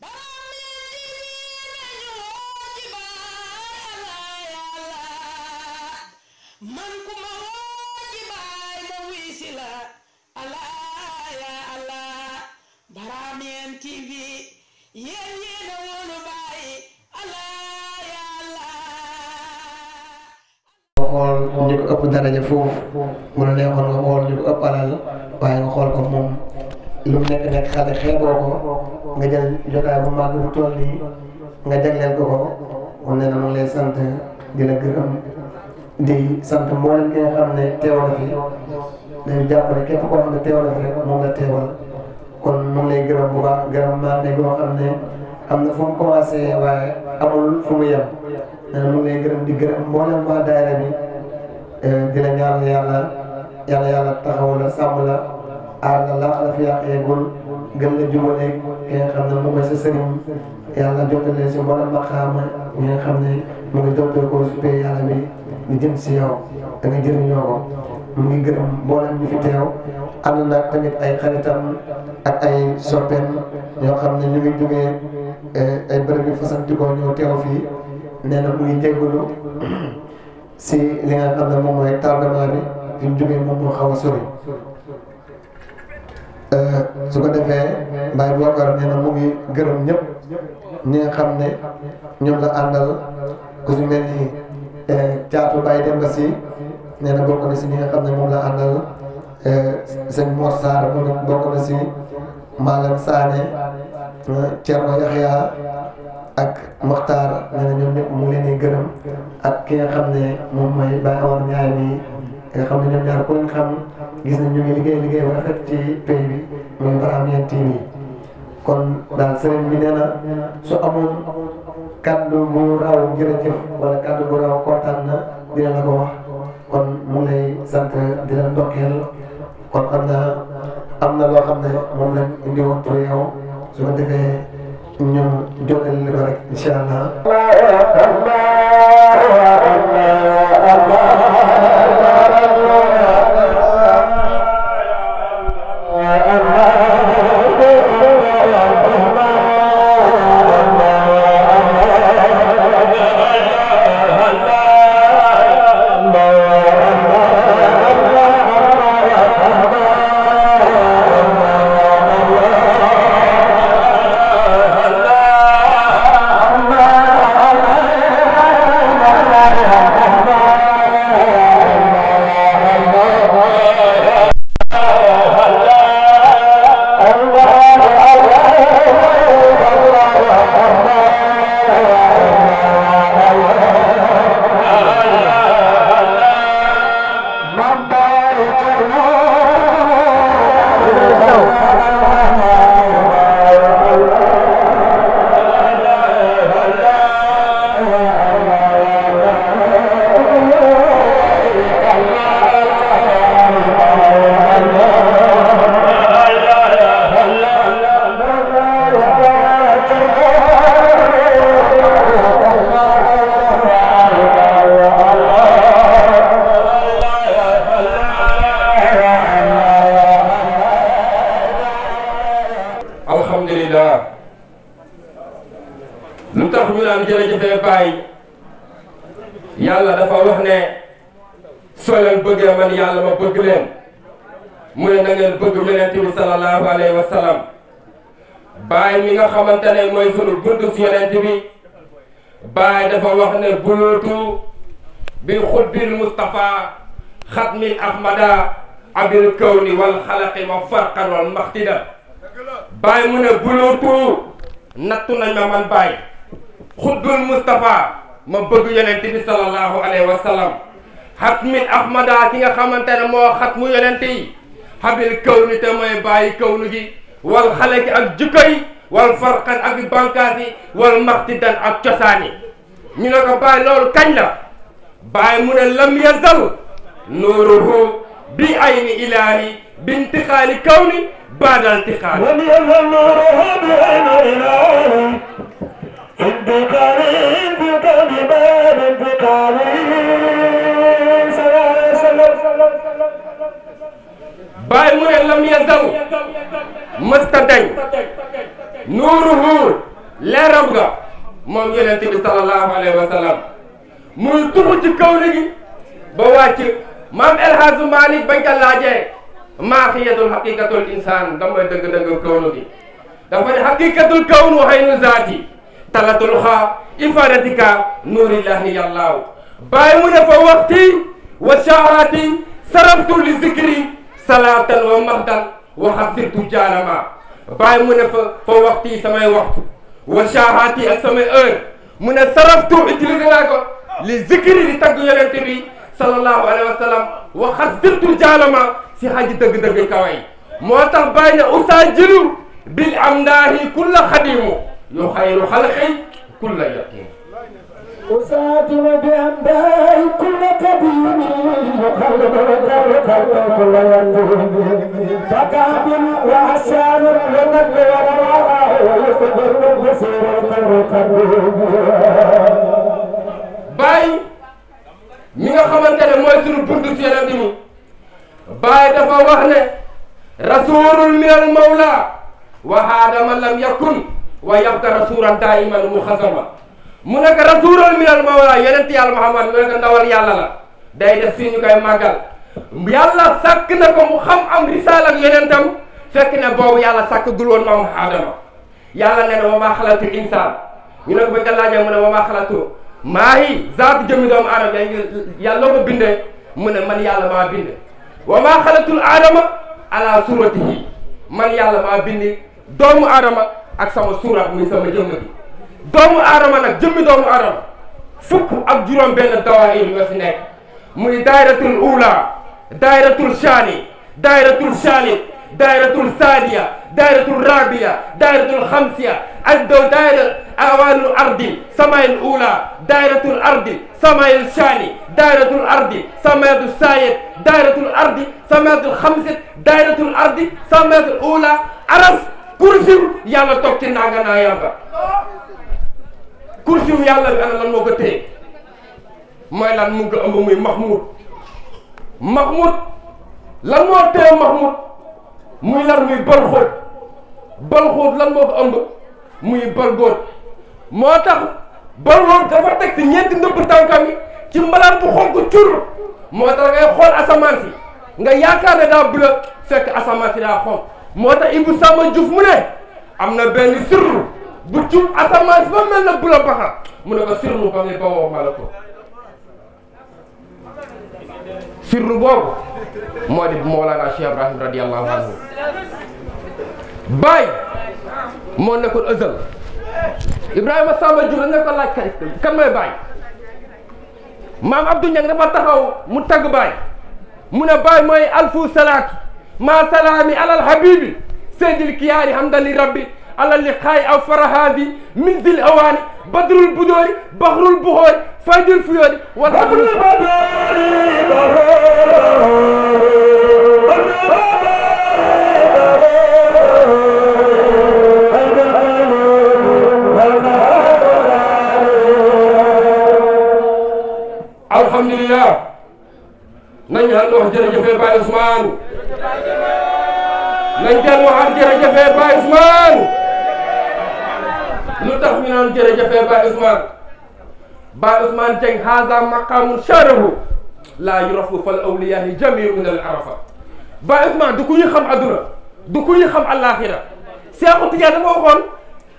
man ku ma woo ci baay ma wuy si la allah ya allah Baramien TV yéen yéen a woonu baay allah ya allah. xool ñu ko ëpp daraja foofu mu ne xool nga xool ñu ko ëpp alal waaye nga xool ko moom lu mu nekk nekk xale xeeboo ko. nga jël jotaay bu mag bu toll nii nga jagleel ko ko moom na ma lay sant di la gërëm di sant mboolem ki nga xam ne teewal fi dañu jàppale képp la teewal kon mu na lay gërëm bu baax gërëm maa ne boo xam ne am na fu mu commencé waaye amul na mu ngi lay gërëm di gërëm mboolem waa daayira bi eh, di la ñaan la sàmm la la laax la fi yàq gën la jubaleeg ki nga xam ne moom mooy sa sëriñ nga xam ne mu ngi toppee ko si pay yàlla bi di jëm si yow da nga jëriñoo mu ngi gërëm mboolem ñu fi teew am na tamit ay xaritam ak ay soppeem ñoo xam ne ñu ngi jógee eh, ay bërëb yu fasantikoo ñëw teew fii nee na mu ngi si li nga xam ne moom mooy tardement bi jógee moom moo xaw a sori Euh, su ko defee Baye Bokar nee na mu ngi gërëm ñëpp ñi nga xam ne ñoom la àndal ku si mel ni caatu euh, Baye Demba si nee na bokk na si ñi nga xam ne moom la àndal euh, sëñ Mor Sarr moom it na si Malam Sané Thierno Yaxya ak Mokhtar nee na ñoom ñëpp mu leen di gërëm ak ki nga xam ne moom mooy Baye Awa Ndiaye mi nga xam ne ñoom ñaar ku leen xam. gis nañ ñu ngi liggéey liggéey bu rafet ci pays bi muy Baramien TV kon daal sëriñ bi nee na su amul kaddu bu raw jërëjëf wala kaddu bu raw kontaan na dina la ko wax kon mu lay sant di la ndokkeel kon am na am na loo xam ne moom lañ indi woon pour yow su ko defee ñu jottali li ko rek incha lu tax ñu naan jërëjëfee bàyyi yàlla dafa wax ne soo leen bëggee man yàlla ma bëgg leen mu ne na bëgg yonente bi sallallahu alayhi wa bàyyi mi nga xamante ne mooy sunu bunt si yonente bi bàyyi dafa wax ne buluutu bi xutbil Mustafa xatmil Ahmada abil kawni wal xalaqi ma farqan wal maxtida bàyyi mu ne buluutu nattu nañ ma man bàyyi xutbul Moustapha ma bëgg yonent bi sallallahu alayhi wa sallam xatmil nga xamante ne moo xat mu yonent yi xabil kaw ni te mooy bàyyi ak jukka yi wal ak bànkaas yi wal maxtidan ak cosaan yi ñu ne ko loolu kañ la mu ne lam yazal nuuruhu bi ayni ilaahi bi intixaali kaw ni baadal tixaali lam yazal nuuruhu bi ayni ilaahi bàyyi mu ne lam yazal mësta dañ nuuruhu leeram nga moom yonent bi sallallahu alayhi wa sallam muy tuxu ci kaw léegi ba wàcc maam El Hadj Malick bañ ko laajee maaxiyatul xaqiqatul insaan damay dëgg-dëgg kawnu gi dafa ne xaqiqatul kawnu xëy nu zaati talatul xa ifaratika nuurillahi yàllaaw bàyyi mu ne fa waxti wa shahraati saraftu li zikri salaatan wa mahdan wa xasirtu jaanama bàyyi mu ne fa fa waxti samay waxtu wa shahraati ak samay heure mu ne saraftu utilisé naa ko li zikri di tagg yonente bi sallallahu alayhi wa wa xasirtu jaanama si xaji dëgg-dëgg kaway moo tax bàyyi ne usaajilu bil amdahi kulla xadimu نخير خلق كل يقين وساتنا بأنباء كل قديم وقلب ودر قلب كل يقين تقابل وعشان ونبل ورواء ويصبر بسيرة القديم باي من خمانتنا موي سورو بوندو سيرام دي باي دافا واخني رسول من المولى وهذا ما لم يكن wa yabqa rasuulan daa'iman muxasama mu nekk rasuulan minal mawla yonent yàlla Muhammad mu nekk ndawal yàlla la day def fii ñu koy màggal yàlla sàkk na ko mu xam am risaala yonentam fekk ne boobu yàlla sàkk gul woon maam Aadama yàlla ne na wa maa insaan ñu ne ko bañ mu ne wa maa xalaqtu maa yi doomu aadama yàlla ko bindee mu ne man yàlla ma bind wa maa xalaqtul aadama ala suratihi man yàlla maa bind doomu aadama ak sama suuraat muy sama jëmm bi doomu aadama nag jëmmi doomu aadama fukk ak juróom benn dawaayir nga fi nekk muy daayratul ula daayratul shaani daayratul shaalit daayratul saadiya daayratul rabiya daayratul xamsiya ak dow daayra awaanul ardi samayil ula daayratul ardi samayil shaani daayratul ardi samayatu saayit daayratul ardi samayatul xamsit daayratul ardi samayatul ula araf kursiw yàlla toog ci naa nga naa yàmba kursiw yàlla bi ana lan moo ko téye mooy lan mu ngi ko ëmb muy Mahmoud Mahmoud lan moo téye Mahmoud muy lan muy balxóot balxóot lan moo ko ëmb muy balgóot moo tax balxóot dafa teg ci ñeenti ndëpp tànkam yi ci mbalaan bu xonk cur moo tax ngay xool asamaan si nga yaakaar ne daa bula fekk asamaan si daa xonk moo tax Ibou Samba Diouf mu ne am na benn sirru bu cub asamaan ba mel na bu la baxa mu ne ko sirru ba ngay bawoo mala ko sirru boobu moo di Mawlana Cheikh Ibrahim radiyallahu anhu Baye moo nekkoon Azal Ibrahima Samba Diouf dañ ne ko laaj kay kan mooy Baye maam Abdou Niang dafa taxaw mu tagg Baye mu ne Baye mooy alfu salaat مع سلامي على الحبيب سيد الكياري لله ربي على اللقاء أو فرهادي من ذي الأواني بدر البدور بحر البهور فايد الفيور والحبر الحمد لله نجي الله جل جفير باي عثمان nañ dellu waxaat jërëjëfee Baye Ousmane lu tax ñu naan jërëjëfee Baye Ousmane Baye Ousmane Dieng haza maqaamun sharafu laa yurafu fal awliyaahi jamiu min al arafa Baye Ousmane du ku ñu xam adduna du ku ñu xam àllaaxira Seexu Tijaan dafa waxoon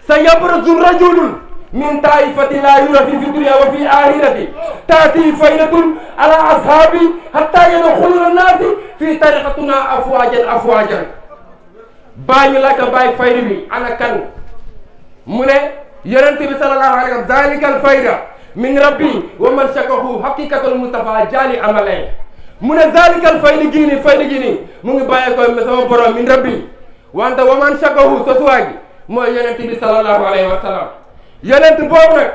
sa yabrazu rajulun min taifati la yurafi fi dunya wa fi ahirati taati faydatun ala ashabi hatta yadkhuluna naasi fi tariqatuna afwajan afwajan bàyyi ñu laaj la bàyyi fayda bi ana kan mu ne yonent bi sallallahu alayhi wa min rabbi wa man shakahu haqiqatul mustafa jaali mu ne zalikal fayda gii nii fayda mu ngi bàyyee ko sama wa man shakahu sosuwaay mooy yonent sallallahu alayhi wa sallam yonent boobu nag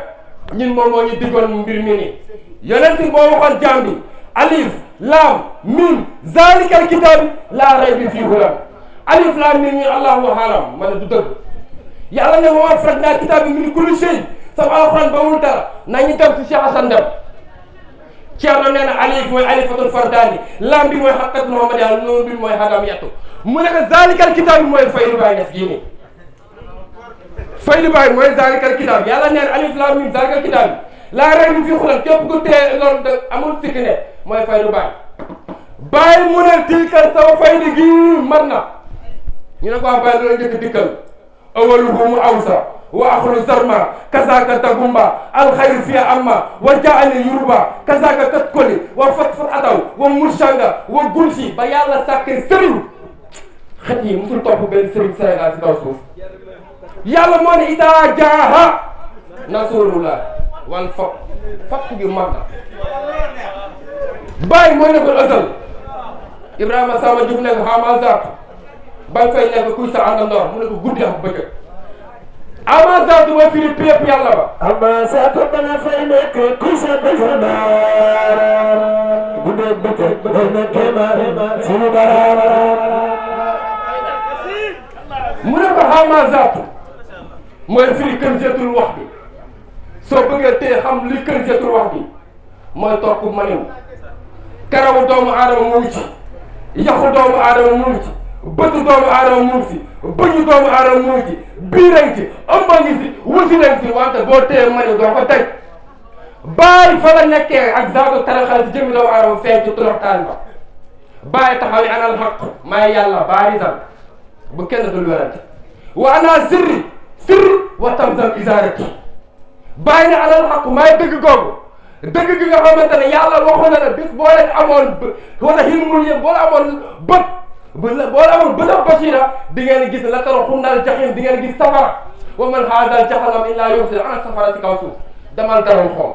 ñun moom moo ñu diggoon mbir mi ni yonent moo waxoon jaam bi alif laam mim zalikal kitab laa rayba fiihi hudan alif laam mim ñu allahu alam ma ta du dëgg yàlla ne wama farratnaa kitab bi min kulli shay sama alxuraan ba wul dara nañu dem si Cheikh Assane Deme Thierno nee na alif mooy alifatul fardaani laam bi mooy xaqatul muhammadiyya mu ne ko zalikal kitab mooy fayru baa ngees gii فين باين وين ذلك الكتاب يلا نير الف لام ميم ذلك الكتاب لا رين في خلال كيف قلت لهم امول سكنة ما فين باين باين من تلك سوى فين جي مرنا ينقوا باين لو يجيك تكل اولهم اوسع واخر زرما كذاك تغمبا الخير في اما وجعل يربا كذاك تدخلي وفتفر ادو ومرشانغا وقلشي بيالا ساكن سرين خطي مثل طوفو بين سرين سرين سرين سرين yàlla moo ne idaa jaaha nasrullah wan fop fop bi mag na bàyyi moo nekkoon asal Ibrahima Samba Diouf nekk xaamal zaatu bañ fay nekk kuy sa àndandoor mu ne ko guddi ak bëccëg amaa zaatu ma firi pépp yàlla ba mu ne ko xaamal zaatu mooy firi kanjatul wax bi soo bëggee tey xam li kanjatul wax bi mooy topp maniw karawu doomu aadama mu ngi ci yaxu doomu aadama mu ngi ci bëtu doomu aadama mu ngi ci bëñu doomu aadama mu ngi ci biiran ci ëmba ngi ci wuti nañ ci wante boo téye maniw doo ko teg bàyyi fa la nekkee ak zaago taraxal ci jëmi doomu aadama feeñ ci toroxtaan ba bàyyi taxaw yi anal xaq may yàlla bàyyi dal bu kenn dul werante wa ana sirri sir wa tamsam isaarati bàyyi ne alal xaq maay dëgg googu dëgg gi nga xamante ne yàlla waxoon na ne bis boo leen amoon wala xilmul yëpp boo la amoon bët boo la amoon bët a basira di ngeen gis la tara xundal jaxim di ngeen gis safara wa man xaadal jaxalam illaa yomsil an safara si kaw suuf damal daram xoom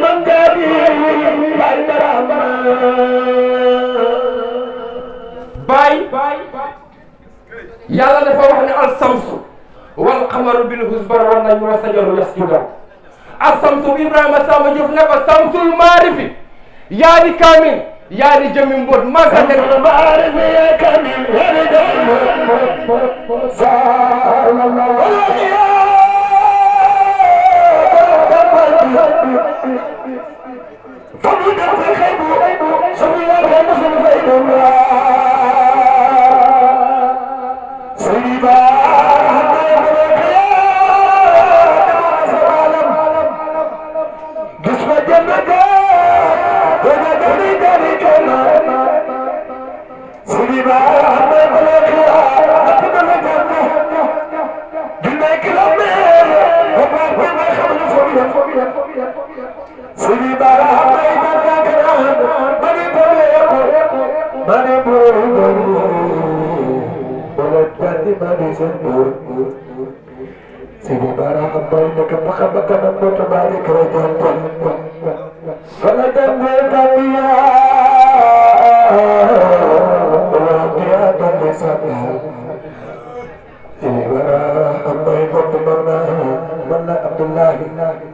waroon nañu wa sajaru yasjudan ak samtu Ibrahima Samba Diouf ne ko samtul maarifi yaa di kaamin yaa di jëmi mbóot maa ka nekk maarifi yaa kaamin yaa di jëmi mbóot sallallahu رب کڈو کو مبارک ري جوتن سنيدم گاليا تو کیا بند سكار تي ورا حقيقت بننا ملا عبد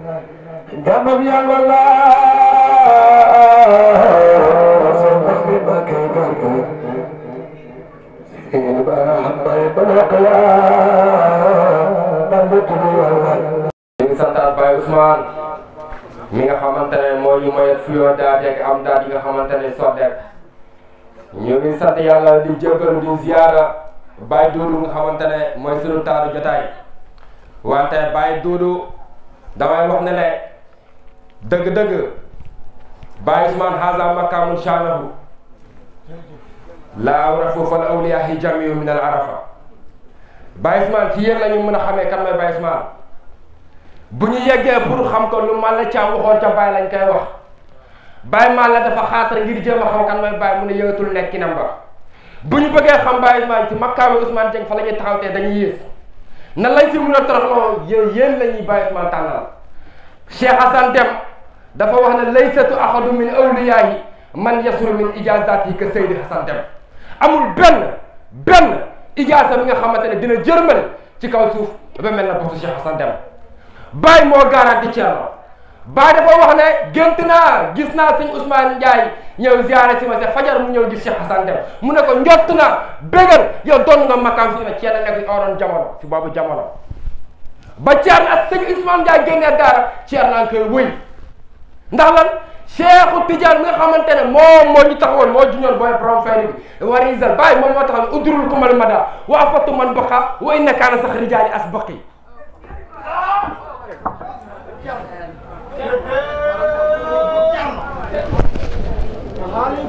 mooy fuyoo daal ak am daal yi nga xamante ne soddeek ñu ngi sant yàlla di jëbbalu di ziyaara Baye Doudou nga xamante mooy sunu taaru jotaay wante Baye Doudou damay wax ne ne dëgg-dëgg Baye Ousmane haza makaamul shaanahu laa awrafu fal awliyaahi jamiu min al arafa Baye ci yéen la ñu mën a xamee kan mooy bu ñu yeggee pour xam ko lu man la caa ca Baye lañ koy wax Baye la dafa xaatar ngir jéem a xam kan mooy Baye mu ne yëwatul nekkinam ba bu ñu bëggee xam Baye Ousmane ci makkaama Ousmane Dieng fa la ñuy taxawtee dañuy yées nan lañ si mun a toroxloo yéen la ñuy Baye Ousmane tànnal Cheikh Assane Dem dafa wax ne laysatu ahadu min awliyaahi man yasuru min ijazaati que Seydi Assane Dem amul benn benn ijaasa bi nga xamante ne dina jërmal ci kaw suuf ba mel na bosu Cheikh Assane Dem Baye moo garanti Thierno. baay dafa wax ne gént naa gis naa sëñ Ousmane Ndiaye ñëw ziare si ma se fajar mu ñëw gis Cheikh Hassan Dem mu ne ko njott naa bégal yow doon nga makam fi na ceena nekk oroon jamono si boobu jamono ba ceern ak sëñ Ousmane Ndiaye génnee daara ceer naa koy wëy ndax lan Cheikhu Tidiane mi nga xamante ne moo moo ñu taxawoon moo juñoon booy borom fayda bi warisal bàyyi moom moo taxawoon udrul kumal mada wa man boqa wa inna kaana sax rijaali as boqi Thank you.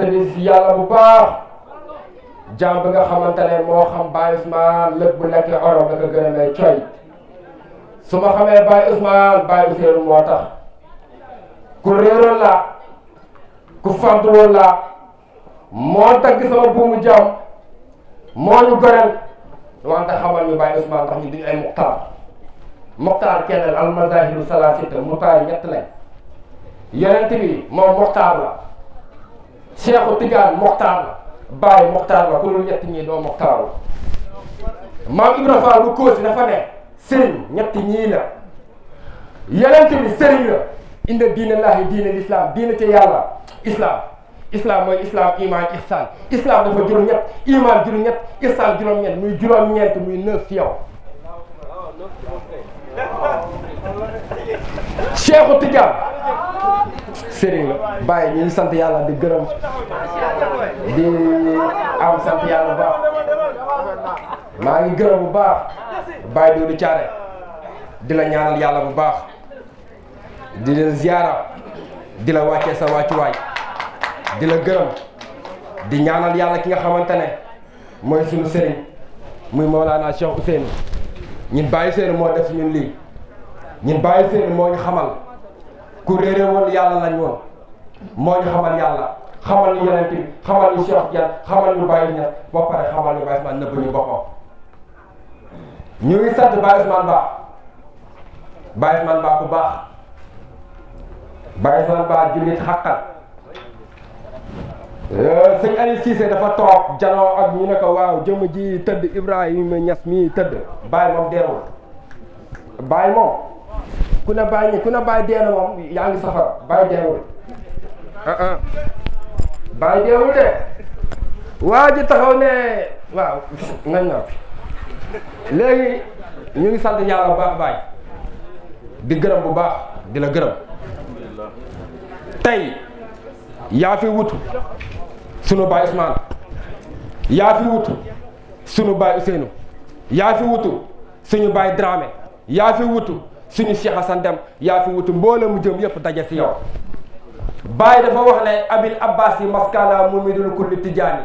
fàttali si yàlla bu baax jàmm bi nga xamante ne moo xam Baye Ousmane lépp bu nekkee orom da ko coy su ma xamee Baye Ousmane Baye Ousseynou moo tax ku réeroon la ku fàdduloon la moo dagg sama buumu jàmm moo ñu goreel wante xamal ñu Baye Ousmane ndax ñu duñu ay muxtaar muxtaar kenn al mazahiru salaasita mu taar ñett lañ yonent bi moom la Cheikhu tijaan Mokhtar la Baye la ku dul ñett ñii doo Mokhtaru maam Ibra Fall bu kóosi dafa ne sëriñ ñett ñii la yelente bi sëriñ la inda diina laahi diina l'islam diina yàlla islam islam mooy islam iman ihsan islam dafa juróom ñett iman juróom ñett ihsan juróom ñett muy juróom ñeent muy neuf si yow Cheikhu Tidiane sëriñ la bàyyi ñu ngi sant yàlla di gërëm di am sant yàlla bu maa ngi gërëm bu baax bàyyi doodu caare di la ñaanal yàlla bu baax di leen ziyaara di la wàccee sa wàccuwaay di la gërëm di ñaanal yàlla ki nga xamante ne mooy suñu sëriñ muy Mawlana Cheikh Ousseynou ñun bàyyi seen moo def ñun lii ñun bàyyi seen moo ñu xamal ku réeré woon yàlla lañ moo ñu xamal yàlla xamal ñu yonent bi xamal ñu Cheikh Diagne xamal ñu Baye Niass ba pare xamal ñu Baye Ousmane nëbb ñu boppam ñu ngi sant Baye Ousmane Ba Baye Ousmane Ba ku baax Baye Ousmane Ba jullit xàqal euh, sëñ Aliou Cissé dafa toog janoo ak ñu ne ko waaw jëmm ji tëdd Ibrahima Niass mii tëdd Baye moom deewul Baye moom ku ne ku ne bàyyi dee na moom yaa ngi safara bàyyi deewul ah, ah. bàyyi deewul de waa ji taxaw ne waaw ngañ naa fi léegi ñu ngi sant yàlla di gërëm bu baax di la gërëm tey yaafi fi wutu sunu baay Ousmane yaa wutu sunu baay Ousseynou yaa wutu suñu baay Dramé yaa wutu suñu Cheikh Assane Dème yaa fi wutu mboole mu jëm yëpp daje si yow Baye dafa wax ne abil abbas yi maskana mumidul kulli tijaani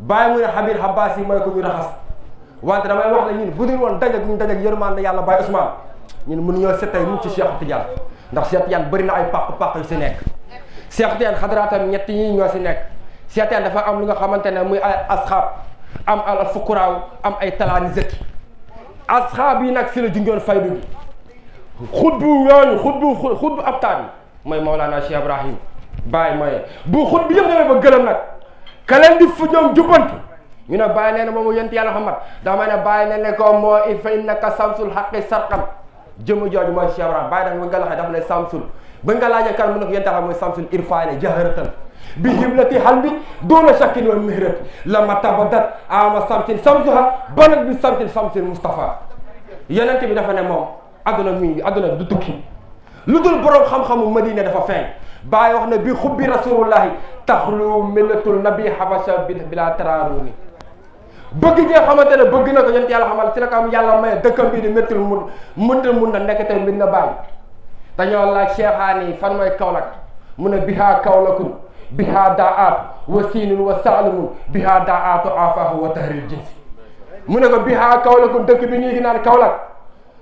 Baye mu ne abil abbas yi mooy ko ñu raxas wante damay wax ne ñun bu dul woon daje guñ daje yërmande yàlla Baye Ousmane ñun mënuñoo seetay ñu ci Cheikh Tidiane ndax Cheikh Tidiane bëri na ay pàq-pàq yu si nekk Cheikh Tidiane xadaraatam ñett ñi ñoo si nekk Cheikh Tidiane dafa am lu nga xamante ne muy ay asxaab am al fukuraaw am ay talaani zëkki asxaab yi nag si la junjoon faydu bi xutbu bu xutbu xutbu abtaab yi mooy a Cheikh Ibrahim bàyyi mooy bu xutbu yëpp demee ba gërëm nag ka leen di fu ñoom jubbanti ñu ne bàyyi nee na moomu yonent yàlla Muhammad daa may ne bàyyi ne ne ko moo fa innaka samsul xaqi sarqam jëmu jooju mooy Cheikh Ibrahim bàyyi nag ba nga laxee dafa ne samsul ba nga laajee kan mu ne ko yonent yàlla a samsul irfaane jaharatan bi hiblati xal bi doona shakkin wa mihrati lama tabadat ama samtin samsuha banat bi samtin a Mustafa yonent bi dafa ne moom àdduna mi àdduna bi du tukki lu dul borom xam-xamu madina dafa feeñ bàyyi wax ne bi xubbi rasulullahi taxlu millatul nabi habasha bi bila tararuni bëgg nga xamante ne bëgg na ko yonent yàlla xamal si la ko am yàlla may dëkkam bi di méttul mun mënta mun na nekk tey mbir na bàyyi dañoo laaj cheikhaani fan mooy Kaolack mu ne bihaa Kaolackun bihaa daa aatu wa siinun wa saalimun bihaa daa aatu afaahu wa tahril jinsi mu ne ko bihaa Kaolackun dëkk bi ñuy naan Kaolack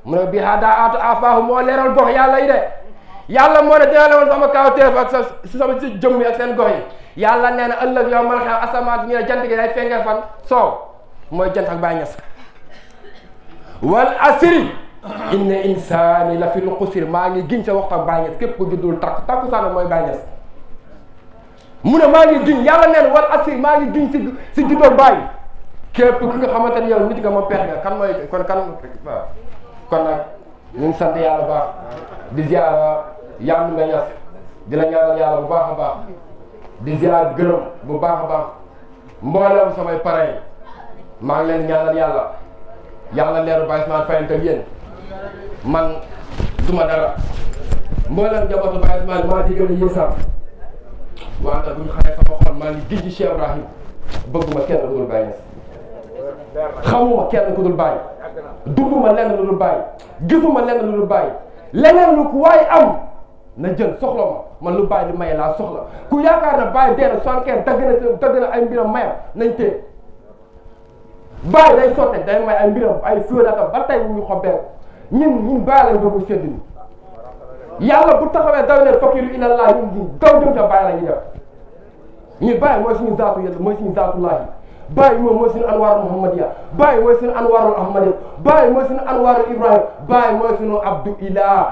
mu ne bihaa daa aatu afaahu moo leeral gox yàlla yi de yàlla moo ne dina la woon sama kaw teef si sama si ak seen gox yi yàlla nee na ëllëg yow man xew asamaan ñu ne jant gi day mooy jant ak bàyyi ñes wal asri inna insaani la fi lu xusir maa ngi giñ sa waxtu ak bàyyi ñes képp ku juddul takk takku saana mooy bàyyi ñes mu ne maa ngi giñ yàlla nee na wal asri maa ngi giñ si si juddoo bàyyi képp ku nga xamante ne yow nit nga ma kan mooy kon nag ñu ngi sant yàlla baax di ziar yàlla nga ñas di la ñaanal bu baax a baax di ziar gërëm bu baax a baax mboolem samay pare maa ngi leen ñaanal yàlla yàlla leeru Baye Ousmane Faye ak yéen man duma dara mboolem njabootu Baye Ousmane maa ci gën a yéesal wante bu sama xol maa ngi gis ci Cheikh Ibrahim bëgguma kenn dugal Baye Niass xamuma kenn ku dul bàyyi duguma lenn lu dul bàyyi gisuma lenn lu dul bàyyi leneen ku waaye am na jël soxla ma man lu bàyyi di may laa soxla ku yaakaar na bàyyi dee na soixante quinze dagg na dagg na ay mbiram mayam nañ téye bàyyi day sotte day may ay mbiram ay fiodaka ba tey ñu xobbeeku ñun ñun bàyyi lañ doomu sedd ni yàlla bu taxawee daw ne fakiru ilallah ñun daw jëm ca bàyyi la ñu def ñu bàyyi mooy suñu zaatu yàlla mooy suñu zaatu laahi baay moom mooy suñu anwaarul muhammadiya baay mooy suñu anwaarul ahmadiya baay ibrahim baay mooy suñu abdu ilaa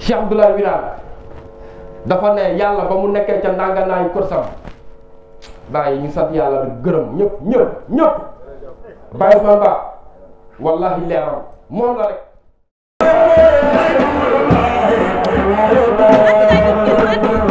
cheikh abdoulaye wilaan dafa ne yàlla ba mu nekkee ca ndànganaayu kursam bàyyi ñu sant yàlla du gërëm ñëpp ñëpp ñëpp bàyyi sama ba wallahi leeram moom la rek Thank you.